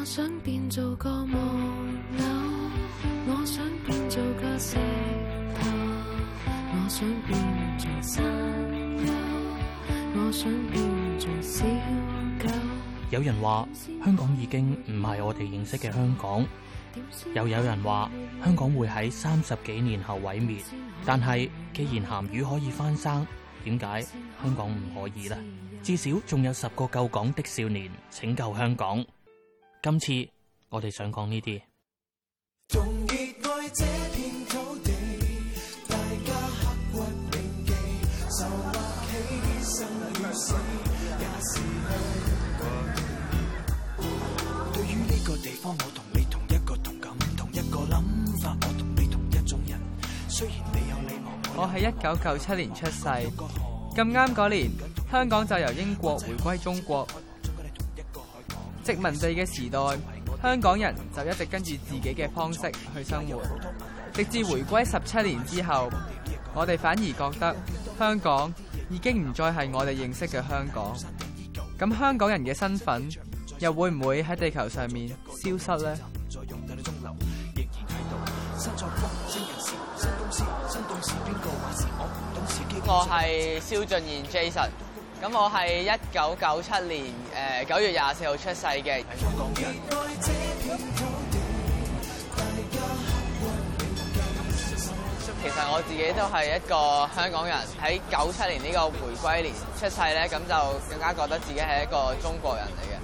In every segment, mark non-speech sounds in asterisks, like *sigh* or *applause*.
我想變做個木偶，我想變做個石頭，我想變做山丘，我想變做小狗。 *music* 有人話香港已經唔係我哋認識嘅香港，又有人話香港會喺三十幾年後毀滅。但係既然鹹魚可以翻生，點解香港唔可以呢？至少仲有十個救港的少年拯救香港。今次我哋想講呢啲。我喺一九九七年出世，咁啱嗰年香港就由英國回歸中國。殖民地嘅時代，香港人就一直跟住自己嘅方式去生活，直至回歸十七年之後，我哋反而覺得香港已經唔再係我哋認識嘅香港。咁香港人嘅身份又會唔會喺地球上面消失呢？我係蕭俊賢 Jason。咁我係一九九七年誒九月廿四號出世嘅，香港人，其實我自己都係一個香港人，喺九七年呢個回歸年出世咧，咁就更加覺得自己係一個中國人嚟嘅。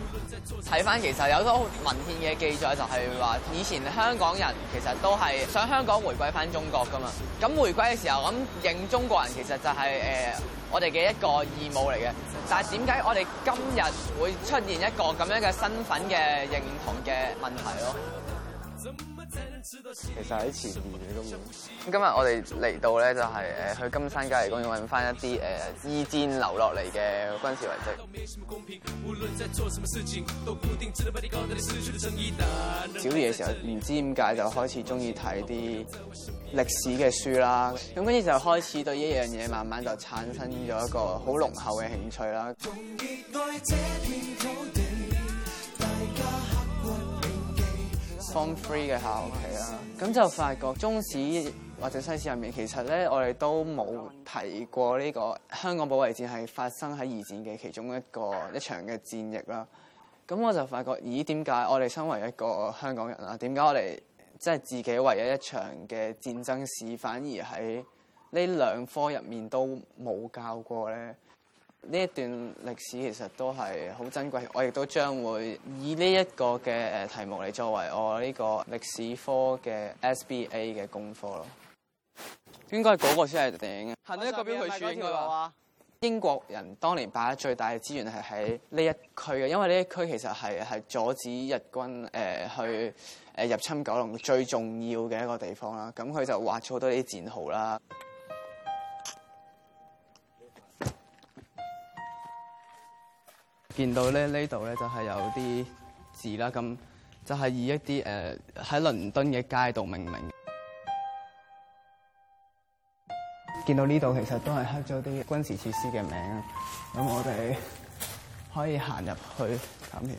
睇翻其實有好多文獻嘅記載，就係話以前香港人其實都係想香港回歸翻中國㗎嘛。咁回歸嘅時候，咁認中國人其實就係、是呃、我哋嘅一個義務嚟嘅。但係點解我哋今日會出現一個咁樣嘅身份嘅認同嘅問題咯？其實喺前面嘅根本。今日我哋嚟到呢就係誒去金山郊野公園，要揾翻一啲誒二戰留落嚟嘅軍事遺迹。小嘢嘅時候唔知點解就開始中意睇啲歷史嘅書啦，咁跟住就開始對一樣嘢慢慢就產生咗一個好濃厚嘅興趣啦。Form Three 嘅下學期啦，咁就發覺中史或者西史入面，其實咧我哋都冇提過呢個香港保衛戰係發生喺二戰嘅其中一個一場嘅戰役啦。咁我就發覺，咦點解我哋身為一個香港人啊？點解我哋即係自己唯一一場嘅戰爭史，反而喺呢兩科入面都冇教過咧？呢一段歷史其實都係好珍貴，我亦都將會以呢一個嘅誒題目嚟作為我呢個歷史科嘅 SBA 嘅功課咯。應該係嗰個先係頂啊！行多一個標誌柱，應該話英國人當年擺得最大嘅資源係喺呢一區嘅，因為呢一區其實係係阻止日軍誒、呃、去誒入侵九龍最重要嘅一個地方啦。咁佢就挖咗好多啲戰壕啦。見到咧呢度咧就係有啲字啦，咁就係以一啲喺、呃、倫敦嘅街道命名。見到呢度其實都係刻咗啲軍事設施嘅名，咁我哋可以行入去探險。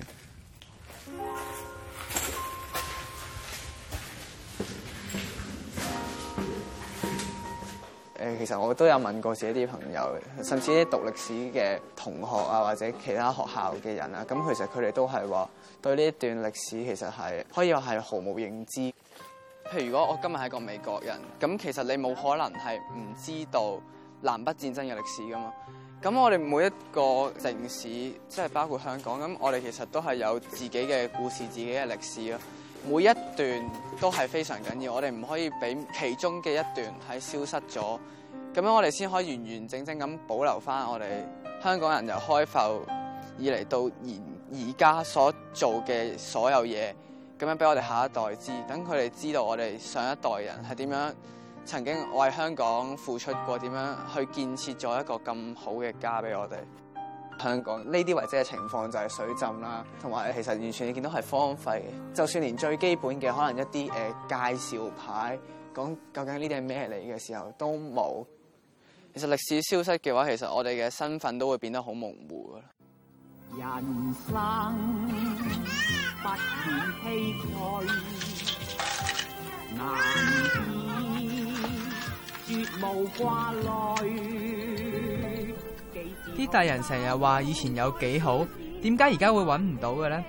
誒，其實我都有問過自己啲朋友，甚至啲讀歷史嘅同學啊，或者其他學校嘅人啊，咁其實佢哋都係話對呢一段歷史其實係可以話係毫無認知。譬如如果我今日係個美國人，咁其實你冇可能係唔知道南北戰爭嘅歷史㗎嘛。咁我哋每一個城市，即係包括香港，咁我哋其實都係有自己嘅故事、自己嘅歷史囉。每一段都係非常緊要，我哋唔可以俾其中嘅一段係消失咗，咁樣我哋先可以完完整整咁保留翻我哋香港人由開埠以嚟到而而家所做嘅所有嘢，咁樣俾我哋下一代知，等佢哋知道我哋上一代人係點樣曾經為香港付出過，點樣去建設咗一個咁好嘅家俾我哋。香港呢啲或者嘅情況就係水浸啦，同埋其實完全你見到係荒廢，就算連最基本嘅可能一啲誒、呃、介紹牌講究竟呢啲係咩嚟嘅時候都冇。其實歷史消失嘅話，其實我哋嘅身份都會變得好模糊噶啦。人生不免悲嘆，難免絕無掛慮。啲大人成日話以前有幾好，點解而家會揾唔到嘅咧？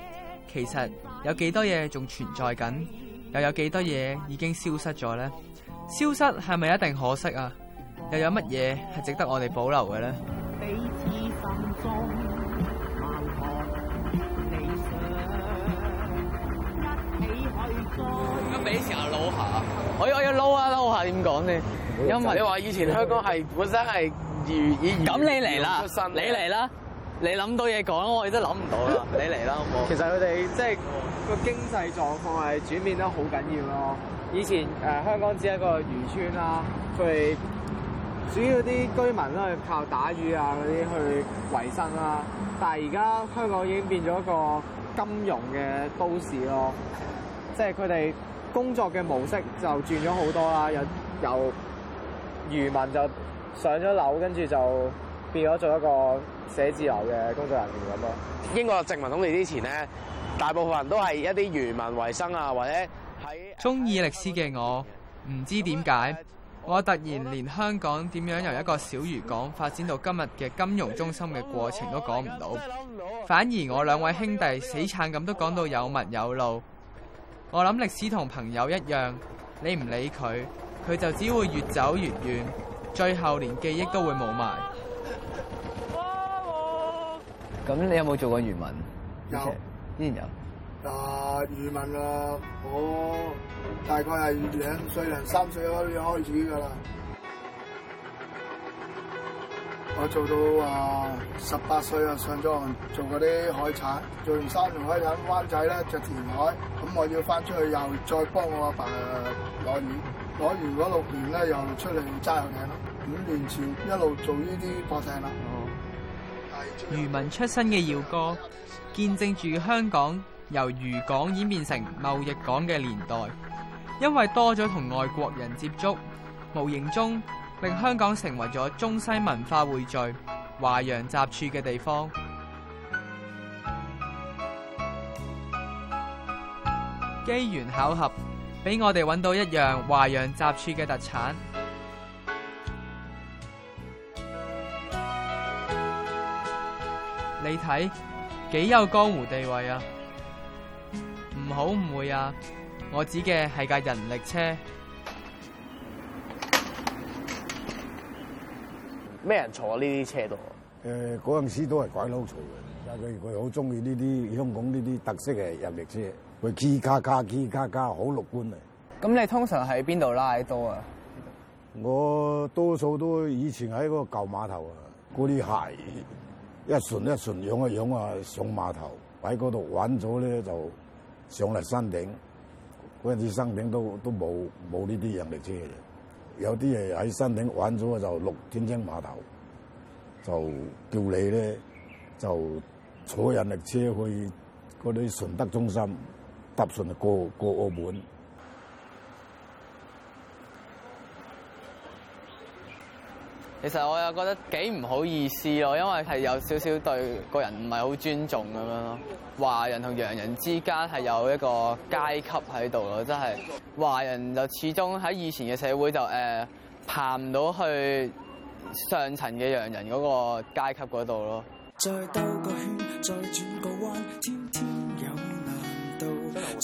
其實有幾多嘢仲存在緊，又有幾多嘢已經消失咗咧？消失係咪一定可惜啊？又有乜嘢係值得我哋保留嘅咧？彼此心中矛盾，理想一起去追。咁俾成阿老下我我要撈啊撈下點講咧？因為你話以前香港係本身係。咁你嚟啦，你嚟啦，你諗到嘢講，我哋都諗唔到啦。你嚟啦，好唔好？其實佢哋即係個經濟狀況係轉變得好緊要咯。以前誒香港只係一個漁村啦，佢主要啲居民呢靠打魚啊嗰啲去維生啦。但係而家香港已經變咗一個金融嘅都市咯，即係佢哋工作嘅模式就轉咗好多啦。有由漁民就～上咗樓，跟住就變咗做一個寫字樓嘅工作人員咁咯。英國殖民統治之前呢，大部分人都係一啲漁民為生啊，或者喺中意歷史嘅我唔知點解，我突然連香港點樣由一個小漁港發展到今日嘅金融中心嘅過程都講唔到，反而我兩位兄弟死撐咁都講到有紋有路。我諗歷史同朋友一樣，你唔理佢，佢就只會越走越遠。最後連記憶都會冇埋。咁你有冇做過漁民？有，呢、okay. 之前有。啊、呃、漁民啊，我大概係兩歲零三歲開始開始㗎啦。我做到啊十八歲啊，上咗岸做嗰啲海產，做完三年海產，灣仔咧著填海，咁我要翻出去又再幫我阿爸攞魚。攞完嗰六年咧，又出嚟揸遊艇咯。五年前一路做呢啲博艇啦。漁民出身嘅耀哥，見證住香港由漁港演變成貿易港嘅年代。因為多咗同外國人接觸，無形中令香港成為咗中西文化匯聚、華洋雜處嘅地方。機緣巧合。俾我哋揾到一樣華洋雜處嘅特產，你看，你睇幾有江湖地位啊？唔好誤會啊，我指嘅係架人力車。咩人坐呢啲車度？誒、呃，嗰陣時都係鬼佬坐嘅，但係佢佢好中意呢啲香港呢啲特色嘅人力車。佢嘰咔咔嘰咔咔，好樂觀啊！咁你通常喺邊度拉多啊？我多數都以前喺個舊碼頭啊，嗰啲鞋一船一船，樣啊樣啊上碼頭，喺嗰度玩咗咧就上嚟山頂。嗰陣時山頂都都冇冇呢啲人力車嘅，有啲係喺山頂玩咗就落天星碼頭，就叫你咧就坐人力車去嗰啲順德中心。搭船過過澳門。其實我又覺得幾唔好意思咯，因為係有少少對個人唔係好尊重咁樣咯。華人同洋人之間係有一個階級喺度咯，即係華人就始終喺以前嘅社會就誒、呃、爬唔到去上層嘅洋人嗰個階級嗰度咯。再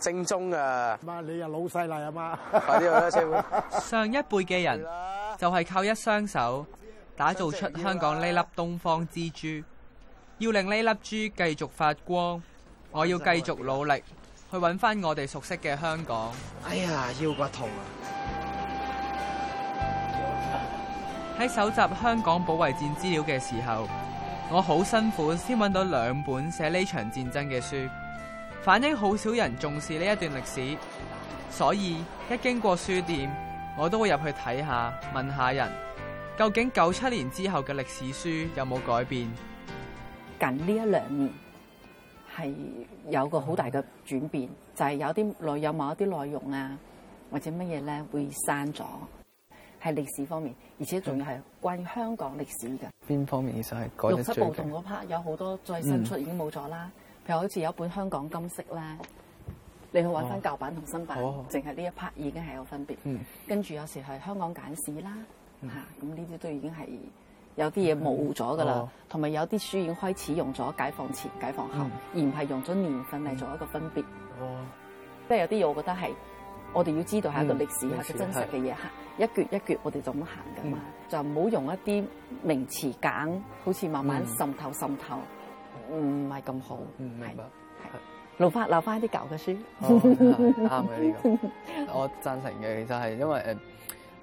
正宗啊！嘛，你又老細嚟，啊嘛！快啲去啦，上一輩嘅人就係靠一雙手打造出香港呢粒東方之珠。要令呢粒珠繼續發光，我要繼續努力去揾翻我哋熟悉嘅香港。哎呀，腰骨痛啊！喺搜集香港保衛戰資料嘅時候，我好辛苦先揾到兩本寫呢場戰爭嘅書。反映好少人重視呢一段歷史，所以一經過書店，我都會入去睇下，問下人究竟九七年之後嘅歷史書有冇改變？近呢一兩年係有個好大嘅轉變，就係有啲內有某一啲內容啊，或者乜嘢咧會刪咗，係歷史方面，而且仲要係關於香港歷史嘅。邊方面其實係改得最緊。六七暴動嗰 part 有好多再新出已經冇咗啦。嗯譬如好似有一本香港金色咧，你去揾翻舊版同新版，淨係呢一 part 已經係有分別。跟、嗯、住有時係香港簡史啦，嚇咁呢啲都已經係有啲嘢模糊咗噶啦，同、嗯、埋、哦、有啲書已經開始用咗解放前、解放後，嗯、而唔係用咗年份嚟做一個分別。即、哦、係有啲嘢，我覺得係我哋要知道係一個歷史,下、嗯歷史、一個真實嘅嘢行，一橛一橛，我哋就咁行噶嘛，就唔好用一啲名詞簡，好似慢慢滲透、嗯、滲透。唔係咁好，唔明白。係係係，留翻留翻啲舊嘅書，啱嘅。呢個，我贊成嘅，其實係因為誒，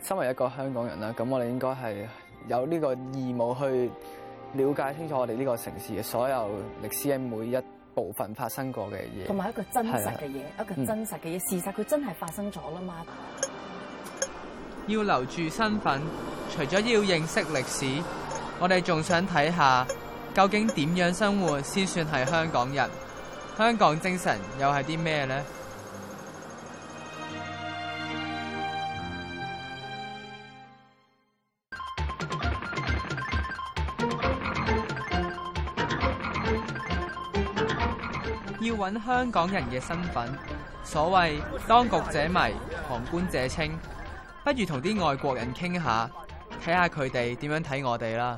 身為一個香港人啦，咁我哋應該係有呢個義務去了解清楚我哋呢個城市嘅所有歷史嘅每一部分發生過嘅嘢，同埋一個真實嘅嘢，一個真實嘅嘢、嗯，事實佢真係發生咗啦嘛。要留住身份，除咗要認識歷史，我哋仲想睇下。究竟點樣生活先算係香港人？香港精神又係啲咩呢？要揾香港人嘅身份，所謂當局者迷，旁觀者清，不如同啲外國人傾下，睇下佢哋點樣睇我哋啦。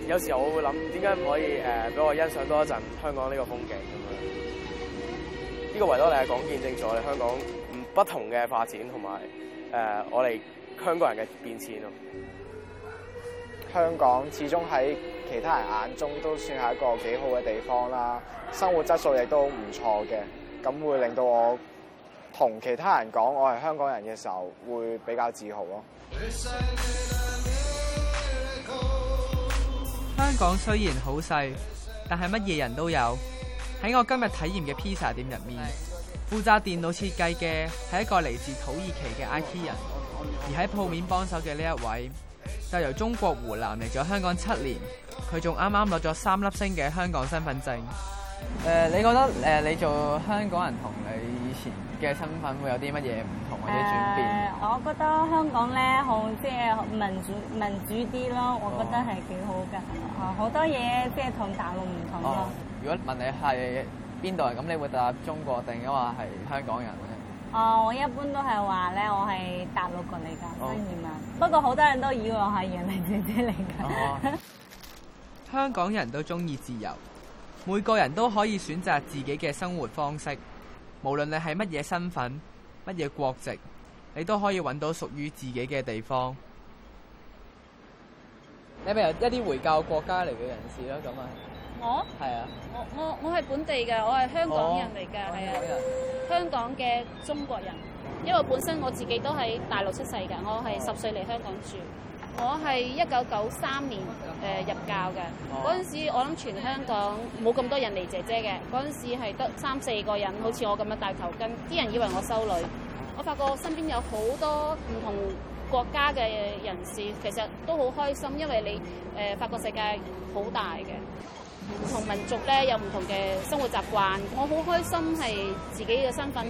有時候我會諗，點解唔可以誒俾、呃、我欣賞多一陣香港呢個風景咁樣？呢、嗯這個維多利亞港見證咗我哋香港唔不同嘅發展，同埋誒我哋香港人嘅變遷咯。香港始終喺其他人眼中都算係一個幾好嘅地方啦，生活質素亦都唔錯嘅，咁會令到我同其他人講我係香港人嘅時候，會比較自豪咯。香港雖然好細，但係乜嘢人都有。喺我今日體驗嘅披薩店入面，負責電腦設計嘅係一個嚟自土耳其嘅 IT 人，而喺鋪面幫手嘅呢一位，就由中國湖南嚟咗香港七年。佢仲啱啱攞咗三粒星嘅香港身份證。誒、呃，你覺得誒、呃，你做香港人同你以前嘅身份會有啲乜嘢唔同或者轉變、呃？我覺得香港咧好即係民主民主啲咯，我覺得係幾好噶，啊、哦、好多嘢即係同大陸唔同咯。如果問你係邊度人，咁你會答中國定話係香港人咧？哦，我一般都係話咧，我係大陸過嚟噶，當然啦。不過好多人都以為我係人哋姐姐嚟噶。哦、 *laughs* 香港人都中意自由。每個人都可以選擇自己嘅生活方式，無論你係乜嘢身份、乜嘢國籍，你都可以揾到屬於自己嘅地方。你咪有一啲回教國家嚟嘅人士咧？咁啊，我係啊，我我我係本地嘅，我係香港人嚟噶，係、Oh. Oh. 啊，Hello. 香港嘅中國人。因為本身我自己都喺大陸出世噶，我係十歲嚟香港住，我係一九九三年。誒入教嘅，嗰陣、oh. 時我諗全香港冇咁多人嚟，姐姐嘅，嗰陣時係得三四個人，好似我咁樣戴頭巾，啲人以為我修女。我發覺身邊有好多唔同國家嘅人士，其實都好開心，因為你、呃、發覺世界好大嘅，唔同民族咧有唔同嘅生活習慣。我好開心係自己嘅身份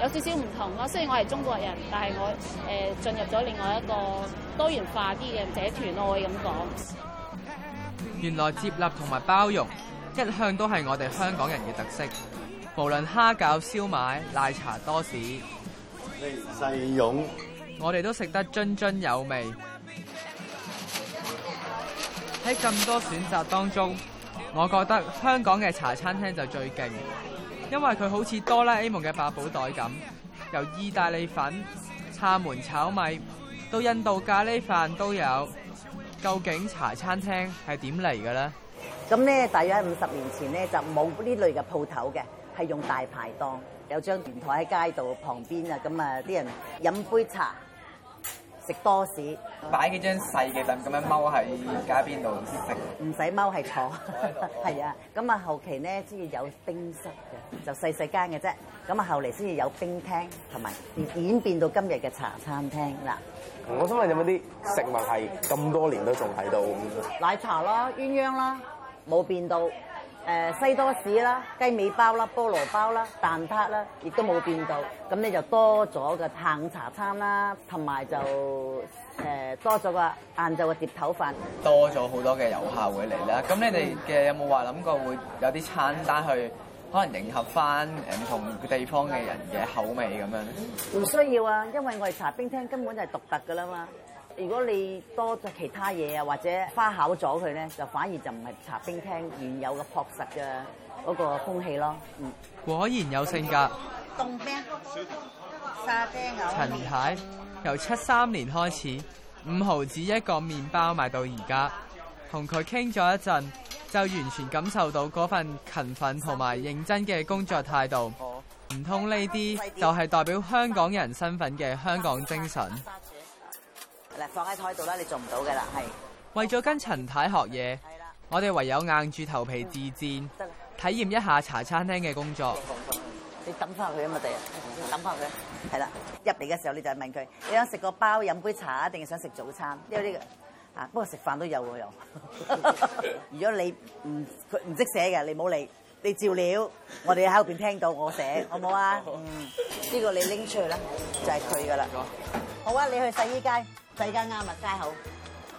有少少唔同咯，雖然我係中國人，但係我、呃、進入咗另外一個多元化啲嘅社團咯，我可以咁講。原來接納同埋包容一向都係我哋香港人嘅特色，無論蝦餃、燒賣、奶茶、多士，你細蓉，我哋都食得津津有味。喺咁多選擇當中，我覺得香港嘅茶餐廳就最勁，因為佢好似哆啦 A 夢嘅百寶袋咁，由意大利粉、廈門炒米到印度咖喱飯都有。究竟茶餐廳係點嚟嘅咧？咁咧，大約五十年前咧就冇呢類嘅鋪頭嘅，係用大排檔，有張圓台喺街道旁邊啊。咁啊，啲人飲杯茶，食多士，擺幾張細嘅凳咁樣踎喺街邊度食，唔使踎係坐，係 *laughs* 這 *laughs* 啊。咁啊，後期咧先至有冰室嘅，就細細間嘅啫。咁啊，後嚟先至有冰廳，同埋演變到今日嘅茶餐廳啦。我想問有冇啲食物係咁多年都仲喺度？奶茶啦、鴛鴦啦，冇變到。誒西多士啦、雞尾包啦、菠蘿包啦、蛋撻啦，亦都冇變到。咁你就多咗個下午茶餐啦，同埋就誒多咗個晏晝嘅碟頭飯。多咗好多嘅遊客會嚟啦。咁你哋嘅有冇話諗過會有啲餐單去？可能迎合翻唔同地方嘅人嘅口味咁樣咧，唔需要啊，因為我哋茶冰廳根本就係獨特噶啦嘛。如果你多咗其他嘢啊，或者花巧咗佢咧，就反而就唔係茶冰廳原有嘅樸實嘅嗰個風氣咯。嗯，果然有性格。凍啤沙啤、呃、陳太由七三年開始五毫子一個麵包賣到而家。同佢傾咗一陣，就完全感受到嗰份勤奮同埋認真嘅工作態度。唔通呢啲就係代表香港人身份嘅香港精神？放喺台度啦，你做唔到嘅啦，係。為咗跟陳太學嘢，我哋唯有硬住頭皮自戰，體驗一下茶餐廳嘅工作。你抌翻佢啊嘛，弟！抌翻佢，係啦。入嚟嘅時候你就問佢：你想食個包飲杯茶，定係想食早餐？因為呢個。這個啊！不過食飯都有喎又。 *laughs* 如果你唔佢唔識寫嘅，你冇理，你照料。我哋喺後邊聽到我寫，好唔好啊？好嗯，呢、呢個你拎出去啦，就係佢㗎啦。好啊，你去洗衣街，洗街啱物街口、啊。街好,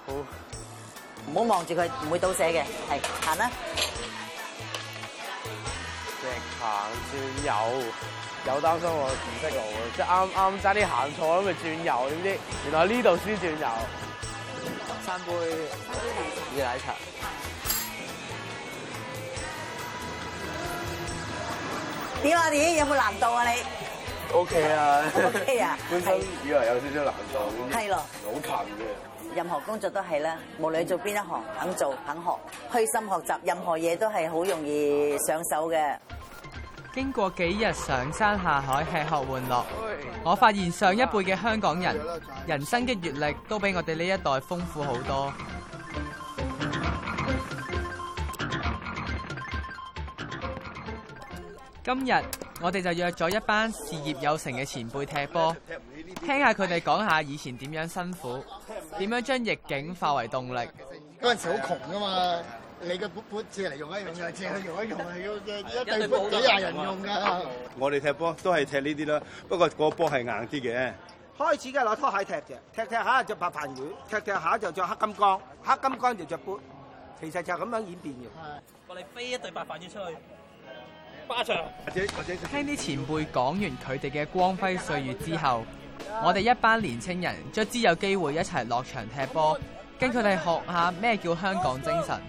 好佢，唔好望住佢，唔會倒寫嘅。係行啦。走直行轉右，有擔心我唔識路即係啱啱差啲行錯咁，咪轉右，點知原來呢度先轉右。三杯熱奶茶。點啊？點有冇難度啊？你 OK 啊？OK 啊？本身以為有少少難度。係咯。好勤嘅。任何工作都係啦，無論做邊一行，肯做肯學，虛心學習，任何嘢都係好容易上手嘅。經過幾日上山下海吃喝玩樂，我發現上一輩嘅香港人，人生嘅閱歷都比我哋呢一代豐富好多。今日我哋就約咗一班事業有成嘅前輩踢波，聽下佢哋講下以前點樣辛苦，點樣將逆境化為動力。嗰陣時好窮㗎嘛。你嘅撥撥借嚟用一用㗎，借嚟用一用係要一對撥幾廿人用㗎。我哋踢波都係踢呢啲啦，不過個波係硬啲嘅。開始嘅攞拖鞋踢嘅，踢踢下着白飯魚，踢踢下就着黑金剛，黑金剛就着撥，其實就咁樣演變嘅。我哋飛一對白飯魚出去，巴場或者。聽啲前輩講完佢哋嘅光輝歲月之後，我哋一班年青人卒之有機會一齊落場踢波，跟佢哋學下咩叫香港精神。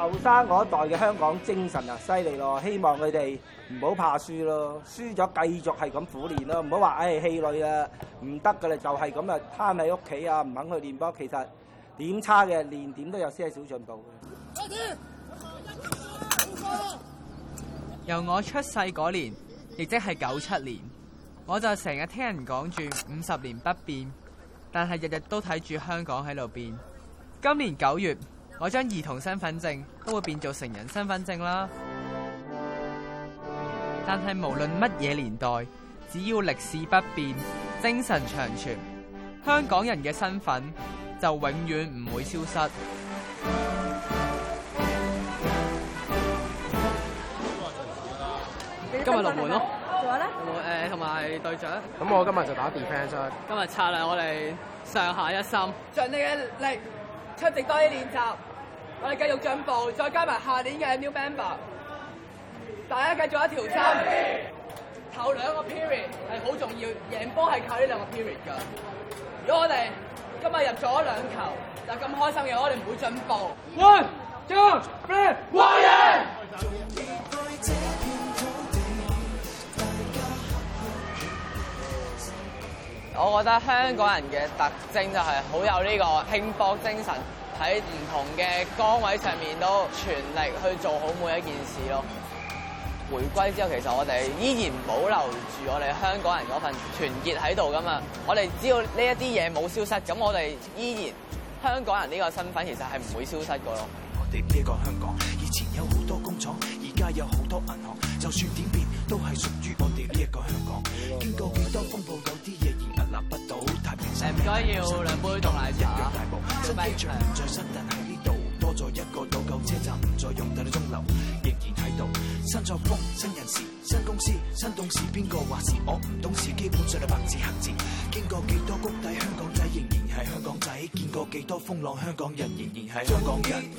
後生嗰代嘅香港精神啊，犀利咯！希望佢哋唔好怕輸咯，輸咗繼續係咁苦練咯，唔好話唉氣餒啊，唔得噶啦，就係咁啊，攤喺屋企啊，唔肯去練波，其實點差嘅練點都有些少進步。由我出世嗰年，亦即係九七年，我就成日聽人講住五十年不變，但係日日都睇住香港喺度變。今年九月。我將兒童身份證都會變做成，成人身份證啦。但係無論乜嘢年代，只要歷史不變，精神長存，香港人嘅身份就永遠唔會消失。今日龍門咯，誒，同埋隊長。咁我今日就打 defence。今日策略我哋上下一心，盡你嘅力，出席多啲練習。我哋繼續進步，再加埋下年嘅 new member，大家繼續一條心，yeah. 頭兩個 period 係好重要，贏波係靠呢兩個 period 噶。如果我哋今日入咗兩球，但咁開心嘅，我哋唔會進步。喂，將咩？華。我覺得香港人嘅特徵就係好有呢個拼搏精神。喺唔同嘅崗位上面都全力去做好每一件事囉。回歸之後，其實我哋依然保留住我哋香港人嗰份團結喺度㗎嘛。我哋只要呢一啲嘢冇消失，咁我哋依然香港人呢個身份其實係唔會消失㗎嘍。我哋呢個香港以前有好多工廠，而家有好多銀行，就算點變都係屬於我哋呢一個香港。經過幾多風暴，有啲嘢而屹立不倒。太平，唔該要兩杯凍奶茶。機場唔再身，但喺呢度多咗一個老舊車站，唔再用，但係鐘樓，仍然喺度。新作風、新人事、新公司、新董事，邊個話事？我唔懂事，基本上係白字黑字。經過幾多谷底，香港仔仍然係香港仔；見過幾多風浪，香港人仍然係香港人。